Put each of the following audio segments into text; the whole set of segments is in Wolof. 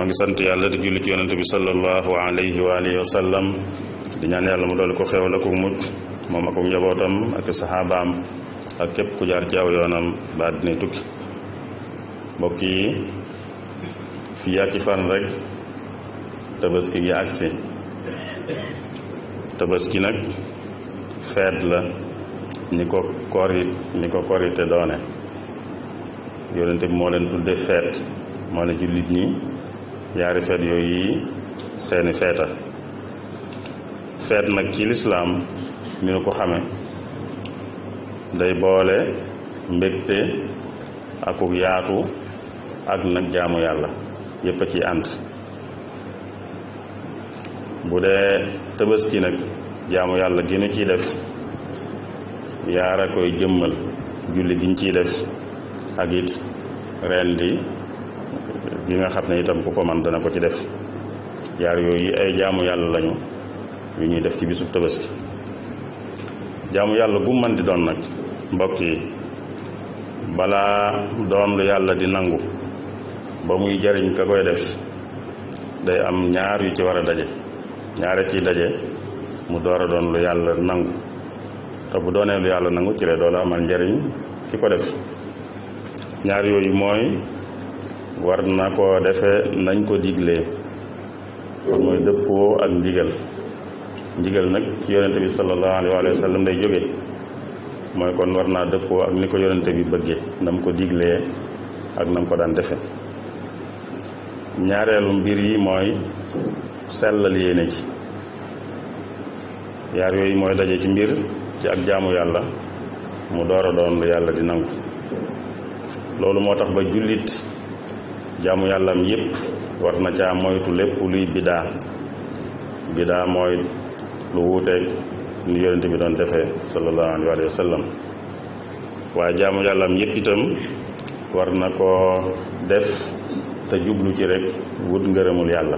moo ngi sant yàlla di julli ci yonente bi sallallahu alayhi wa alihi wa sallam di ñaan yàlla mu dool ko xewal ko mucc moom ak njabootam ak saxaabaam ak képp ku jaar ci aw yoonam ba dina tukki mbokk yi fii ak i fan rek tabaski gi agsi tabaski nag feet la ñi ko korit ñi ko korite doone yonente bi moo leen tudde feet moo ne jullit ñi yaari feet yooyi seeni feeta feet nag ci lislaam ni nu ko xame day boole mbégte akuk yaatu ak nag jaamu yàlla yépp ci ànd bu dee tëbaski nag jaamu yàlla gi nu ciy def yaara koy jëmmal julli giñ ciy def ak it ren di bi nga xam ne itam ku ko man dana ko ci def jaar yooyu ay jaamu yàlla lañu yu ñuy def ci bisub tabaski jaamu yàlla gum mën di doon nag mbokk yi balaa doon lu yàlla di nangu ba muy jariñ ka koy def day am ñaar yu ci war a daje ñaare ciy daje mu door a doon lu yàlla nangu te bu doonee lu yàlla nangu ci la doon amal njariñ ki ko def ñaar yooyu mooy war na ko defe nañ ko digle kon mooy dëppoo ak ndigal ndigal nag ci yonente bi salallahu alei walihi wa sallam day jóge mooy kon war naa dëppoo ak ni ko yonente bi bëggee nam ko diglee ak nam ko daan defe ñaareelu mbir yi mooy sellal yéene ji yaar yooyu mooy daje ci mbir ci ak jaamu yàlla mu door a doon lu yàlla di nangu loolu moo tax ba jullit jaamu yàllam yépp war na caa moytu lépp luy bidaa bidaa mooy lu wuuteeg nu yonente bi doon defee sallallahu alayhi wa sallam waaye jaamu yàllam yépp itam war na koo def te jublu ci rek wut ngërëmul yàlla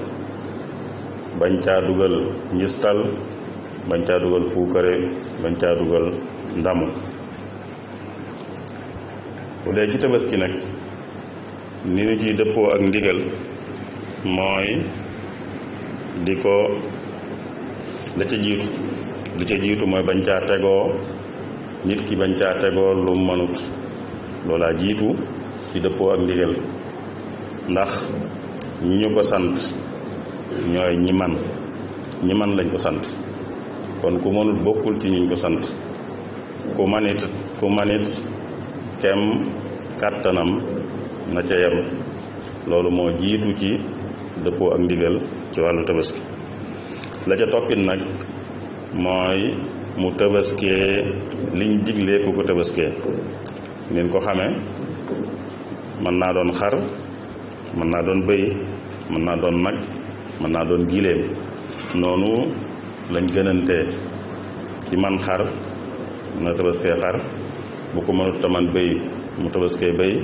bañ caa dugal njistal bañ caa dugal puukare bañ caa dugal ndamu bu dee ci tabaski nag ni ñu ciy dëppoo ak ndigal mooy di ko la ca jiitu li ca jiitu mooy bañ caa tegoo nit ki bañ caa tegoo lu mënut loolaa jiitu ci dëppoo ak ndigal ndax ñi ñu ko sant ñooy ñi man ñi man lañ ko sant kon ku mënut bokkul ci ñiñ ko sant ku manit ku manit kem kàttanam na ca yem loolu moo jiitu ci dëppoo ak ndigal ci wàllu tabaski la ca toppit nag mooy mu tabaskee liñ diglee ku ko tabaskee nin ko xamee mën naa doon xar mën naa doon bëy mën naa doon nag mën naa doon giléem noonu lañ gënantee ci man xar naa tabaskee xar bu ko mënut taman bëy mu tabaskee bëy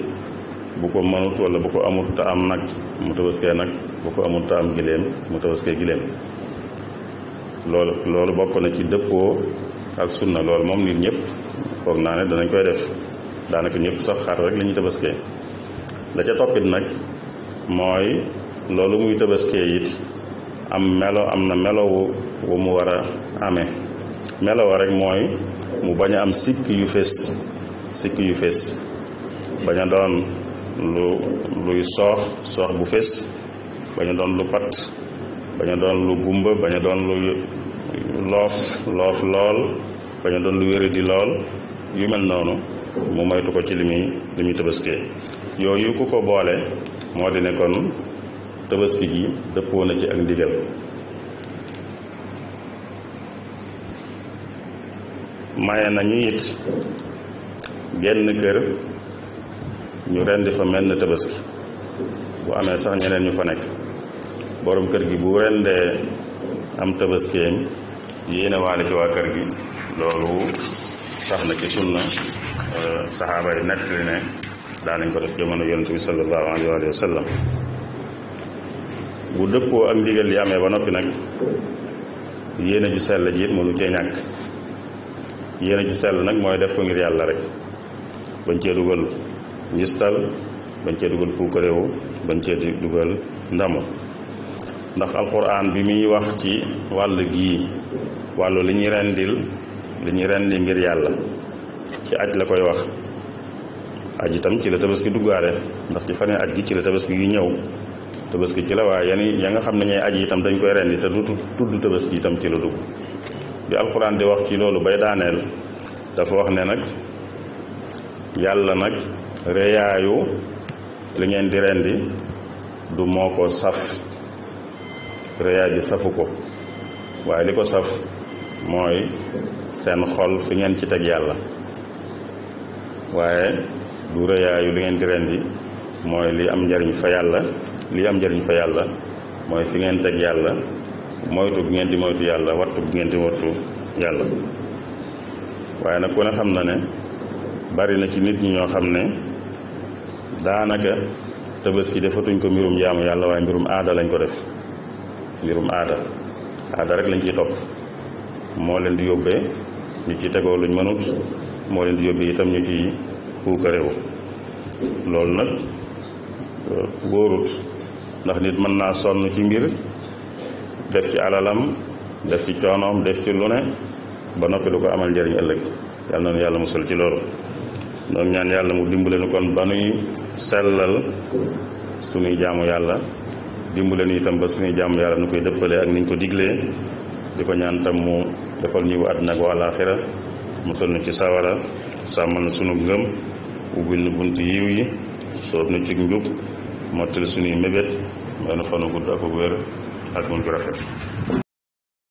bu ko manut wala bu ko amut ta am nak mu tabaskee nak bu ko amut ta am gilem mu tabaskee gilem loolu loolu bokk na ci deppo ak sunna loolu mom nit ñepp fokk naane dañ koy def danaka ñepp sax xaar rek lañu ñuy la ca topit nak moy lolou muy yit am melo amna na melowu wu mu wara amé melo rek moy mu baña am sik yu fess sik yu fess baña lu luy soox soox bu fés bañ doon lu pat bañ doon lu gumba bañ a doon lu loof loof lool bañ doon lu wére di lool yu mel noonu mu moytu ko ci li muy li muy tabaskee ku ko boole moo di nekkoon kon tabaski gi dëppoo na ci ak ndigal maye nañu it genn kër ñu rendi fa mel na tabaski bu amee sax ñeneen ñu fa nekk boroom kër gi bu rendee am tabaskeem yéene waale ci waa kër gi loolu sax na ci sunna euh, saxaaba yi nekk li ne daa nañ ko def jamono yonent bi sallallahu alayhi wa sallam bu dëppoo ak ndigal li amee ba noppi nag yéene ju sell ji it mënu cee ñàkk yéene ju sell nag mooy def ko ngir yàlla rek bañ cee dugal ngistal bañ cee dugal puukaréewu bañ cee dugal ndama ndax alquran bi muy wax ci wàll gi wàllu li ñuy rendil li ñuy rendi ngir yàlla ci aj la koy wax aj itam ci la ki duggaale ndax ci fanee aj gi ci la tabaski gi ñëw ki ci la waaye yani ya nga xam ne ñooy aj itam dañ koy rendi te du tudd tabaski itam ci la dugg bi alquran di wax ci loolu bay daaneel dafa wax ne nag yàlla nag reyaayu li ngeen di rendi du moo ko saf reyaay bi safu ko waaye li ko saf mooy seen xol fi ngeen ci teg yàlla waaye du rëyaayu li ngeen di rendi mooy li am njariñ fa yàlla li am njariñ fa yàlla mooy fi ngeen teg yàlla moytu bi ngeen di moytu yàlla wattu bi ngeen di wattu yàlla waaye nag ku ne xam na ne bari na ci nit ñi ñoo xam ne daanaka tabaski defatuñ ko mirum jaamu yalla way mirum aada lañ ko def mirum aada aada rek lañ ci top mo leen di yobbe ñu ci tegoo luñ mënut mo leen di yobbe itam ñu ci rew lool nak euh, wóorut ndax nit mën na son ci mbir def ci alalam def ci coonoom def ci lu ba noppi lu ko amal jeriñ ëlëk yalla na yalla musul ci lool donc ñaan yalla mu kon banuy sellal suñuy jaamu yàlla dimbale yi itam ba suñuy jaamu yàlla nu koy dëppalee ak niñ ko diglee di ko ñaan tam mu defal ñuy àddina ak àllaaxira musal na ci sawara sàmmal na sunu ngëm ubbil nu bunt yiw yi soob na ci njub mottali suñuy mébét may nu fanu gudd ak wér ak mun ko rafet